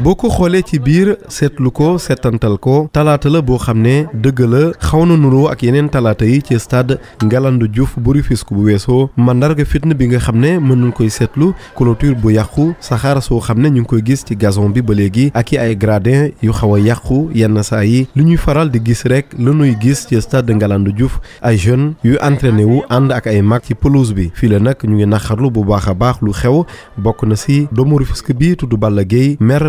boo ko xoolee ci biir seetlu ko seetantal ko talaata la boo xam ne dëgg la xaw na nuroo ak yeneen talaata yi ci stade ngalandu Diouf bu Rufisque bu weesoo mandarga fitna bi nga xam ne mënuñ koy seetlu clôture bu yàqu saxaar soo xam ne ñu ngi koy gis ci gazon bi ba léegi ak i ay gradin yu xaw a yàqu yenn saa yi lu ñuy faral di gis rek la ñuy gis ci stade ngalandu Diouf ay jeunes yu entraîné wu ànd ak ay mag ci pelouse bi fii la nag ñu ngi naxarlu bu baax a baax lu xew bokk na si doomu Rufisque bi tudd Balla Gueye maire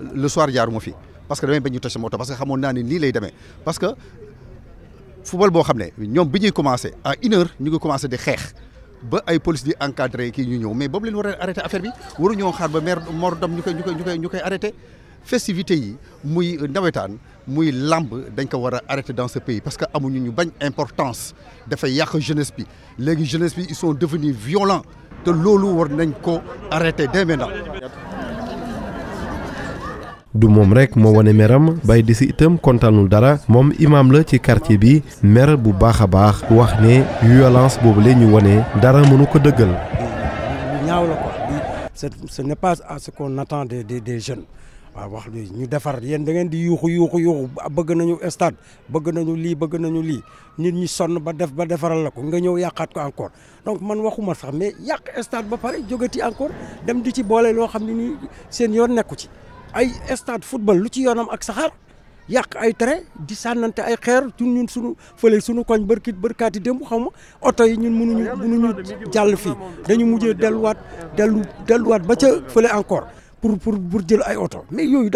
le soir mo fi parce que damay bañu touché moto parce que xamoon naa ne nii lay démé parce que football bo xamné ñom biñuy bi commencé à une heure ñu ngi commencé di xeex ba ay police di encadrer ki ñu ñëw mais bobu leen war a arrêté affaire bi ñoo xaar ba maire Mor ñu koy ñu koy ñu koy arrêté festivité yi muy nawetaan muy lamb dañ ko wara arrêté dans ce pays parce que amuñu ñu bañ importance dafa yak jeunesse bi légui jeunesse bi ils sont devenus violents te lolu war nañ ko arrêté dès maintenant du moom rek moo wane meram bay di si itam kontaanul dara moom imaam la ci quartier bi mer bu baax a baax wax ne violence boobu la ñu wane dara mënu ko dëggal. ñaaw la quoi ce n'est pas à ce qu'on attend des des jeunes. waaw wax bi ñu defar yéen da ngeen di yuuxu yuuxu yuuxu bëgg nañu stade bëgg nañu lii bëgg nañu lii nit ñi sonn ba def ba defaral la ko nga ñëw yàqaat ko encore donc man waxuma sax mais yàq stade ba pare jógati encore dem di ci boole loo xam ne seen yoon nekku ci. ay stade football lu ci yoonam ak saxaar yàq ay train di sànnante ay xeer ñun suñu fële sunu koñ bërkit bërkaati démb xaw ma oto yi ñun mënuñu mënuñu jàll fii dañu mujjee delluwaat dellu delluwaat ba ca fële encore pour pour pour jël ay oto mais yooyu.